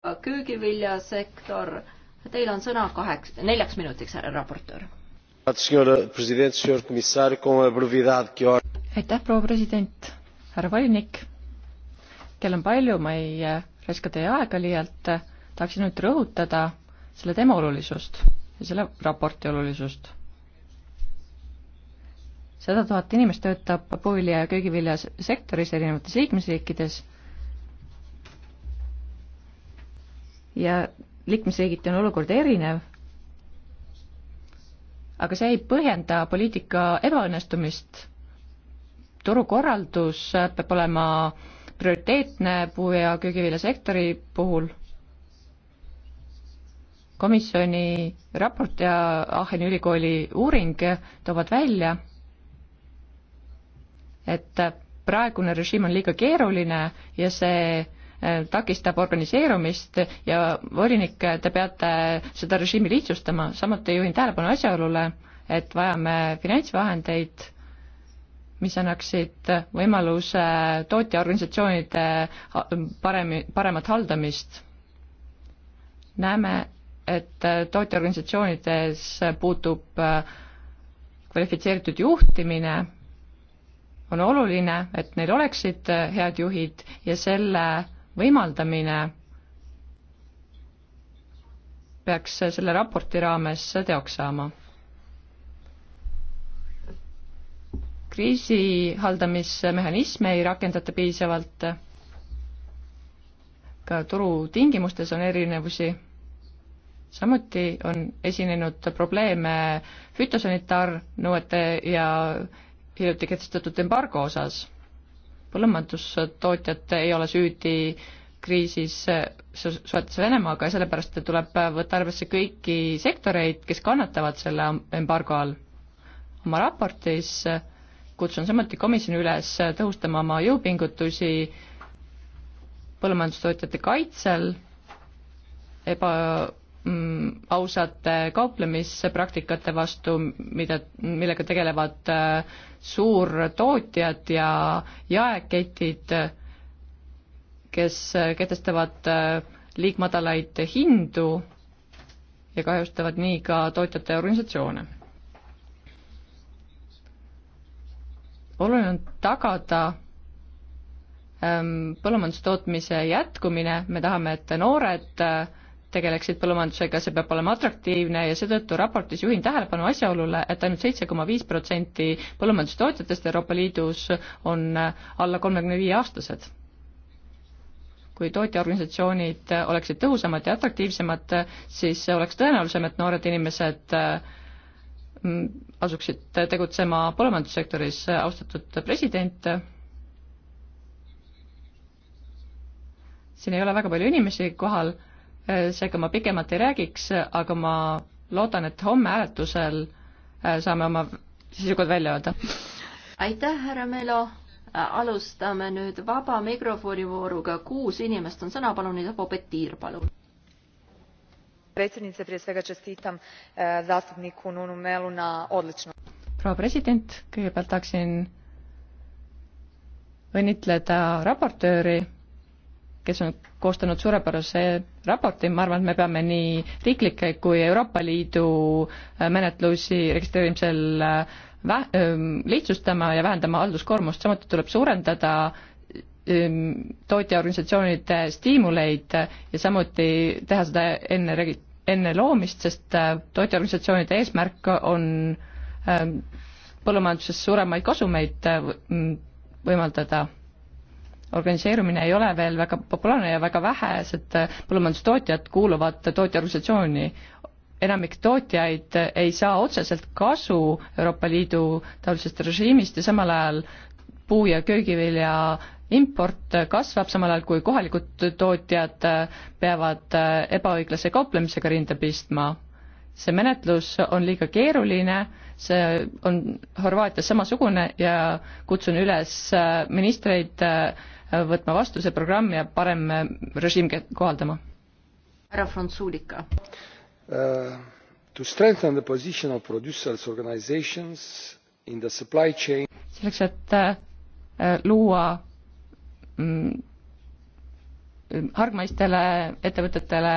köögiviljasektor. Teil on sõna kaheks, neljaks minutiks, härra raportöör. aitäh, proua president, härra volinik. kell on palju, ma ei äh, raiska teie aega liialt, tahaksin nüüd rõhutada selle teema olulisust ja selle raporti olulisust. sada tuhat inimest töötab puuvilja ja köögiviljasektoris erinevates liikmesriikides ja liikmesriigiti on olukord erinev, aga see ei põhjenda poliitika ebaõnnestumist. turukorraldus peab olema prioriteetne puu- ja köögiviljasektori puhul komisjoni raport ja Aacheni ülikooli uuring toovad välja, et praegune režiim on liiga keeruline ja see takistab organiseerumist ja volinik, te peate seda režiimi lihtsustama, samuti juhin tähelepanu asjaolule, et vajame finantsvahendeid, mis annaksid võimaluse tootjaorganisatsioonide paremi, paremat haldamist. näeme, et tootjaorganisatsioonides puutub äh, kvalifitseeritud juhtimine, on oluline, et neil oleksid äh, head juhid ja selle võimaldamine peaks selle raporti raames teoks saama. kriisi haldamismehhanisme ei rakendata piisavalt, ka turutingimustes on erinevusi, samuti on esinenud probleeme fütosanitaarnõuete ja hiljuti kehtestatud embargo osas põllumajandustootjad ei ole süüdi kriisis suhetes Venemaaga ja sellepärast tuleb võtta arvesse kõiki sektoreid, kes kannatavad selle embargo all. oma raportis kutsun samuti komisjoni üles tõhustama oma jõupingutusi põllumajandustootjate kaitsel, eba, Mm, ausate äh, kauplemispraktikate vastu, mida, millega tegelevad äh, suurtootjad ja jaeketid, kes äh, kehtestavad liigmadalaid hindu ja kahjustavad nii ka tootjate organisatsioone. oluline on tagada ähm, põllumajandustootmise jätkumine, me tahame, et noored äh, tegeleksid põllumajandusega, see peab olema atraktiivne ja seetõttu raportis juhin tähelepanu asjaolule, et ainult seitse koma viis protsenti põllumajandustootjatest Euroopa Liidus on alla kolmekümne viie aastased. kui tootjaorganisatsioonid oleksid tõhusamad ja atraktiivsemad, siis oleks tõenäolisem, et noored inimesed mm, asuksid tegutsema põllumajandussektoris, austatud president, siin ei ole väga palju inimesi kohal seega ma pikemalt ei räägiks, aga ma loodan, et homme hääletusel äh, saame oma seisukohad välja öelda. aitäh, härra Melo, äh, alustame nüüd vaba mikrofoni vooruga, kuus inimest on sõna palunud ja Popetiir, palun predsjednice prije svega čestitam äh, zastupniku nunu melu na odličnom proua president kõigepealt tahaksin õnnitleda raportööri kes on koostanud suurepärase raporti, ma arvan, et me peame nii riiklikke kui Euroopa Liidu äh, menetlusi registreerimisel äh, vä-, ähm, lihtsustama ja vähendama halduskoormust, samuti tuleb suurendada ähm, tootjaorganisatsioonide stiimuleid ja samuti teha seda enne regi-, enne loomist, sest äh, tootjaorganisatsioonide eesmärk on ähm, põllumajanduses suuremaid kasumeid mm, võimaldada organiseerumine ei ole veel väga populaarne ja väga vähesed äh, põllumajandustootjad kuuluvad tootjaorganisatsiooni. enamik tootjaid ei saa otseselt kasu Euroopa Liidu taolisest režiimist ja samal ajal puu- ja köögivilja import kasvab, samal ajal kui kohalikud tootjad äh, peavad äh, ebaõiglase kauplemisega rinda pistma. see menetlus on liiga keeruline, see on Horvaatias samasugune ja kutsun üles ministreid võtma vastu see programm ja parem äh, režiim kohaldama. härra Frantsulika uh,. To strengthen the position of producers organisations in the supply chain selleks, et uh, luua mm, hargmaistele ettevõtetele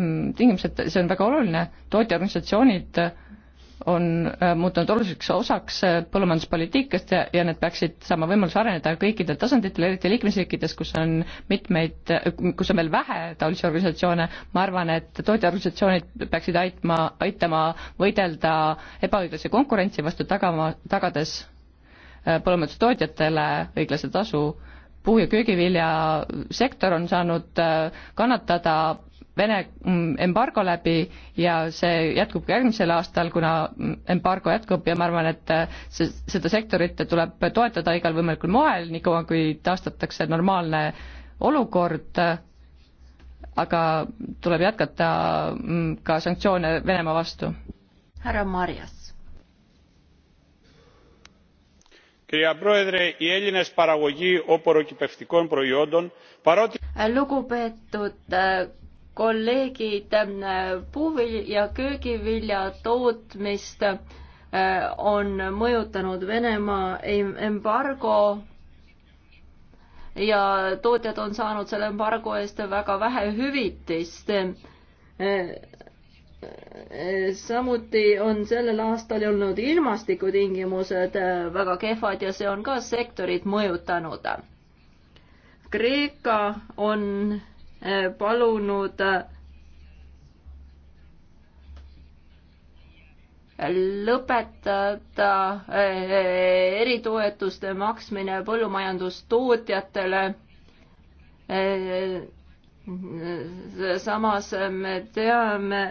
mm, tingimused, see on väga oluline, tootjaorganisatsioonid uh, on äh, muutunud oluliseks osaks äh, põllumajanduspoliitikast ja, ja need peaksid saama võimaluse areneda kõikidel tasanditel, eriti liikmesriikides, kus on mitmeid, äh, kus on veel vähe taolisi organisatsioone, ma arvan, et tootjaorganisatsioonid peaksid aitma, aitama võidelda ebaõiglase konkurentsi vastu, tagama, tagades põllumajandustootjatele õiglase tasu puu- ja köögiviljasektor on saanud kannatada Vene mm, embargo läbi ja see jätkub ka järgmisel aastal, kuna mm, embargo jätkub ja ma arvan, et äh, see, seda sektorit tuleb toetada igal võimalikul moel, niikaua kui taastatakse normaalne olukord, aga tuleb jätkata mm, ka sanktsioone Venemaa vastu. härra Marjas. lugupeetud äh, kolleegid, puuvilja ja köögivilja tootmist äh, on mõjutanud Venemaa embargo ja tootjad on saanud selle embargo eest väga vähe hüvitist. samuti on sellel aastal olnud ilmastikutingimused äh, väga kehvad ja see on ka sektorit mõjutanud. Kreeka on Äh, palunud äh, lõpetada äh, eritoetuste maksmine põllumajandustootjatele. samas me teame,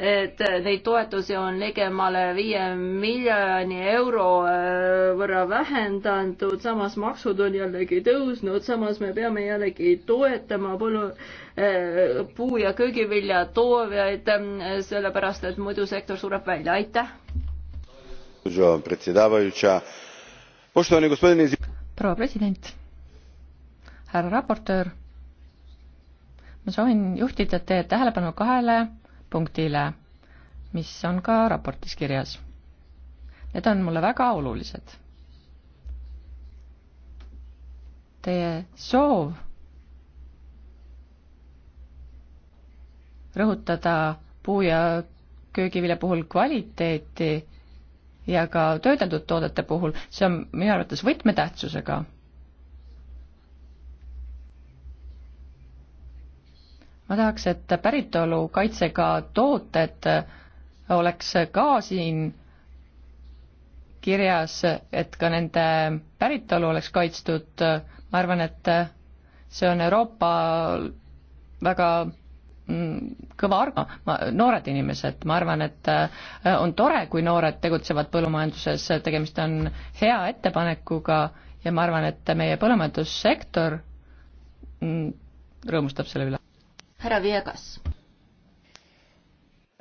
et neid toetusi on ligemale viie miljoni euro äh, võrra vähendatud, samas maksud on jällegi tõusnud, samas me peame jällegi toetama põllu- äh, puu- ja köögivilja toojaid, äh, sellepärast et muidu sektor sureb välja, aitäh. proua president, härra raportöör, ma soovin juhtida teie tähelepanu kahele punktile, mis on ka raportis kirjas. Need on mulle väga olulised. Teie soov rõhutada puu- ja köögivilja puhul kvaliteeti ja ka töödeldud toodete puhul, see on minu arvates võtmetähtsusega ma tahaks, et päritolukaitsega tooted oleks ka siin kirjas, et ka nende päritolu oleks kaitstud, ma arvan, et see on Euroopa väga mm, kõva arv, noored inimesed, ma arvan, et äh, on tore, kui noored tegutsevad põllumajanduses, tegemist on hea ettepanekuga ja ma arvan, et meie põllumajandussektor mm, rõõmustab selle üle härra Viegas.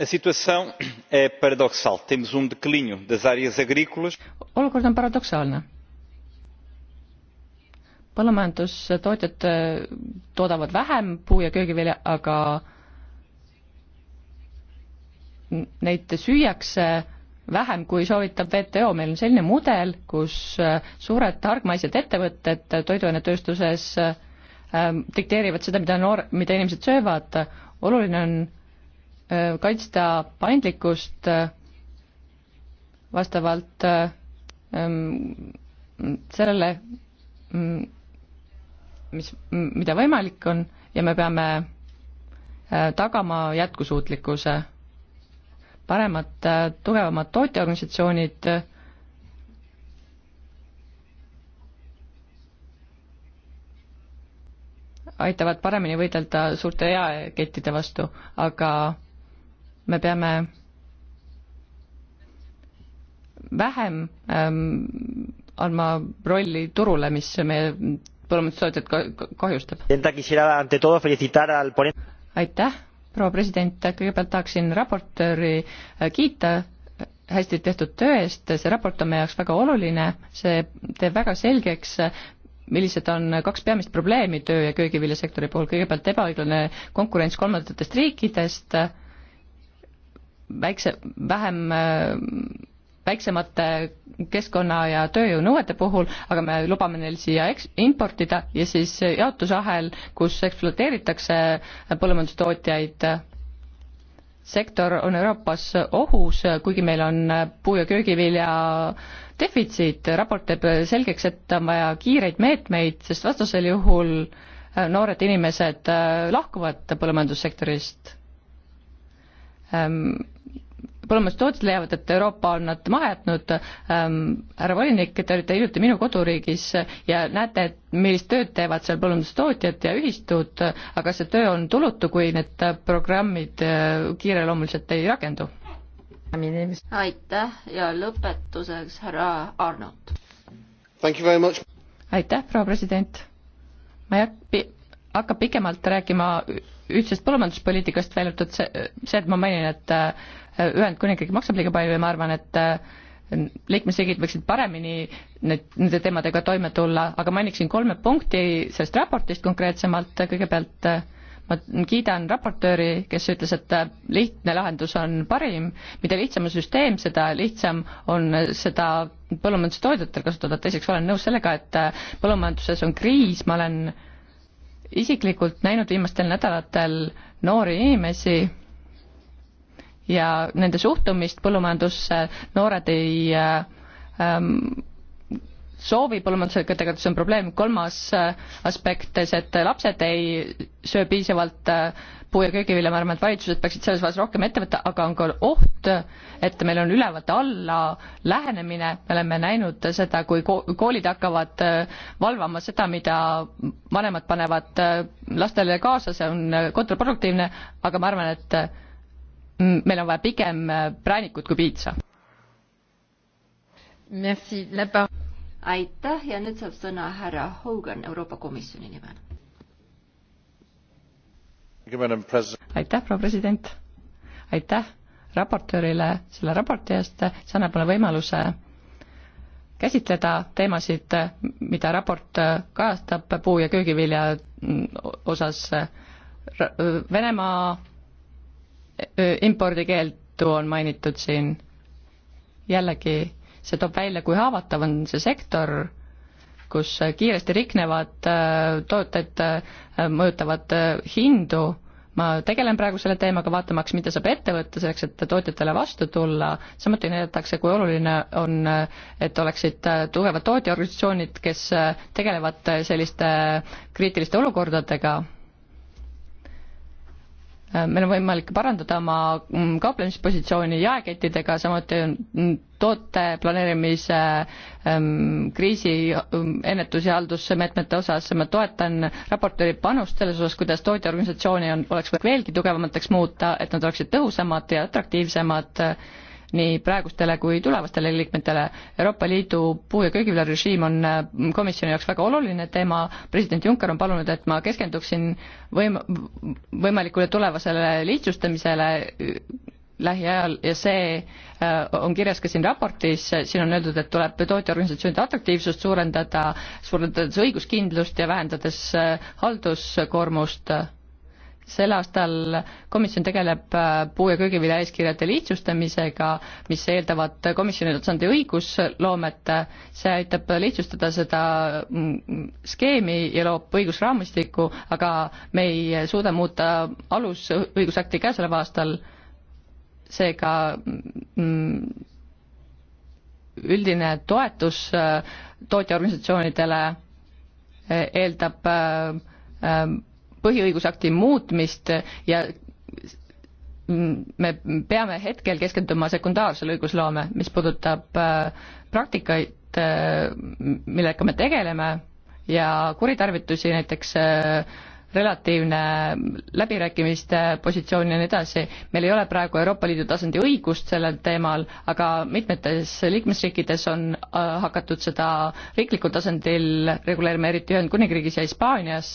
A situação é paradoxal. Temos um declínio das áreas agrícolas. Olukord on paradoksaalne. Põllumajandustootjad eh, toodavad vähem puu- ja köögivilja, aga neid süüakse vähem, kui soovitab WTO, meil on selline mudel, kus eh, suured targmaised ettevõtted toiduainetööstuses et eh, Ähm, dikteerivad seda, mida noor, mida inimesed söövad, oluline on äh, kaitsta paindlikkust äh, vastavalt äh, ähm, sellele, mm, mis, mida võimalik on ja me peame tagama jätkusuutlikkuse. paremad, tugevamad tootjaorganisatsioonid aitavad paremini võidelda suurte jaekettide vastu, aga me peame vähem ähm, andma rolli turule, mis meie põllumajandustootjat kahjustab. aitäh, proua president, kõigepealt tahaksin raportööri äh, kiita äh, hästi tehtud töö eest, see raport on meie jaoks väga oluline, see teeb väga selgeks, millised on kaks peamist probleemi töö- ja köögiviljasektori puhul, kõigepealt ebaõiglane konkurents kolmandatest riikidest, väikse, vähem, väiksemate keskkonna ja tööjõunõuete puhul, aga me lubame neil siia eks-, importida ja siis jaotusahel, kus ekspluateeritakse põllumajandustootjaid, sektor on Euroopas ohus, kuigi meil on puu- ja köögivilja defitsiit, raport teeb selgeks, et on vaja kiireid meetmeid, sest vastasel juhul äh, noored inimesed äh, lahkuvad põllumajandussektorist. Ähm, põllumajandustootjad leiavad, et Euroopa on nad maha jätnud, ähm, härra volinik, te olite hiljuti minu koduriigis ja näete, et millist tööd teevad seal põllumajandustootjad ja ühistud, aga see töö on tulutu, kui need programmid äh, kiireloomuliselt ei rakendu aitäh ja lõpetuseks härra Arnold. aitäh, proua president. ma ei hakka, hakka pikemalt rääkima ühtsest põllumajanduspoliitikast, välja arvatud see, see, et ma mainin, et äh, Ühendkuningriik maksab liiga palju ja ma arvan, et äh, liikmesriigid võiksid paremini need, nende teemadega toime tulla, aga mainiksin kolme punkti sellest raportist konkreetsemalt, kõigepealt äh, ma kiidan raportööri, kes ütles, et lihtne lahendus on parim, mida lihtsam on süsteem, seda lihtsam on seda põllumajandustootjatel kasutada, teiseks olen nõus sellega, et põllumajanduses on kriis, ma olen isiklikult näinud viimastel nädalatel noori inimesi ja nende suhtumist põllumajandusse, noored ei ähm, soovi põllumajandusega tegeleda, see on probleem, kolmas äh, aspekt, et lapsed ei söö piisavalt äh, puu- ja köögivilja, ma arvan, et valitsused peaksid selles vallas rohkem ette võtta, aga on ka oht, et meil on ülevalt alla lähenemine, me oleme näinud seda, kui koolid hakkavad äh, valvama seda, mida vanemad panevad lastele kaasa, see on kontraproduktiivne, aga ma arvan, et meil on vaja pigem präänikut kui piitsa. Merci, la parole aitäh ja nüüd saab sõna härra Hogan Euroopa Komisjoni nimel. aitäh, proua president, aitäh raportöörile selle raporti eest, see annab mulle võimaluse käsitleda teemasid, mida raport kajastab puu- ja köögivilja osas. Venemaa e, e, impordikeeldu on mainitud siin jällegi see toob välja, kui haavatav on see sektor, kus kiiresti riknevad äh, tooted äh, mõjutavad äh, hindu, ma tegelen praegu selle teemaga, vaatamaks, mida saab ette võtta selleks, et tootjatele vastu tulla, samuti näidatakse, kui oluline on, et oleksid tugevad tootjaorganisatsioonid, kes tegelevad selliste kriitiliste olukordadega Äh, meil on võimalik parandada oma mm, kauplemispositsiooni jaekettidega, samuti on mm, toote planeerimise ähm, kriisi ähm, ennetus- ja haldusmeetmete osas, ma toetan raportööri panust selles osas, kuidas tootjaorganisatsiooni on, oleks võimalik veelgi tugevamateks muuta, et nad oleksid tõhusamad ja atraktiivsemad nii praegustele kui tulevastele liikmetele. Euroopa Liidu puu- ja köögiviljarežiim on äh, komisjoni jaoks väga oluline teema, president Juncker on palunud, et ma keskenduksin võim-, võimalikule tulevasele lihtsustamisele äh, lähiajal ja see äh, on kirjas ka siin raportis, siin on öeldud, et tuleb tootjaorganisatsioonide atraktiivsust suurendada, suurendades õiguskindlust ja vähendades halduskoormust sel aastal komisjon tegeleb äh, puu- ja köögivilja eeskirjade lihtsustamisega, mis eeldavad komisjoni tasandi õigusloomet, see aitab lihtsustada seda mm, mm, skeemi ja loob õigusraamistiku, aga me ei suuda muuta alusõigusakti käesoleval aastal, seega mm, üldine toetus äh, tootjaorganisatsioonidele äh, eeldab põhiõigusakti muutmist ja me peame hetkel keskenduma sekundaarsele õigusloome, mis puudutab äh, praktikaid, äh, millega me tegeleme ja kuritarvitusi, näiteks äh, relatiivne läbirääkimiste positsioon ja nii edasi. meil ei ole praegu Euroopa Liidu tasandi õigust sellel teemal, aga mitmetes liikmesriikides on hakatud seda riiklikul tasandil reguleerima, eriti Ühendkuningriigis ja Hispaanias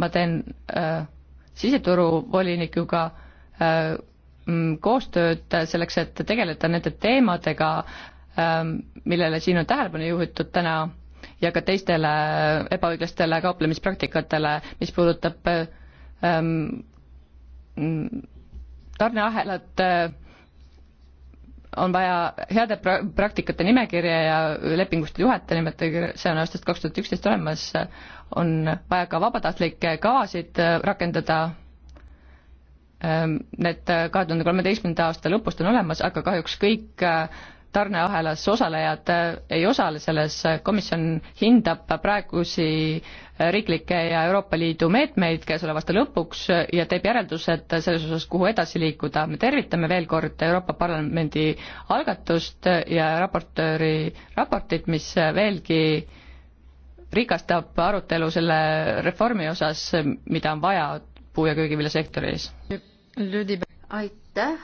ma teen äh, siseturu volinikuga äh, mm, koostööd selleks, et tegeleda nende teemadega äh,, millele siin on tähelepanu juhitud täna ja ka teistele ebaõiglastele kauplemispraktikatele, mis puudutab äh, ähm, mm, tarneahelat äh, on vaja heade pra-, praktikate nimekirja ja lepingust juhataja nimetage, see on aastast kaks tuhat üksteist olemas, on vaja ka vabatahtlikke kavasid äh, rakendada, ähm, need äh, kahe tuhande kolmeteistkümnenda aasta lõpust on olemas, aga kahjuks kõik äh, tarneahelas osalejad äh, ei osale selles, komisjon hindab praegusi äh, riiklikke ja Euroopa Liidu meetmeid käesoleva aasta lõpuks ja teeb järeldused selles osas, kuhu edasi liikuda. me tervitame veel kord Euroopa Parlamendi algatust ja raportööri raportit, mis veelgi rikastab arutelu selle reformi osas, mida on vaja puu- ja köögiviljasektoris. aitäh,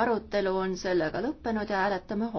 arutelu on sellega lõppenud ja hääletame homme.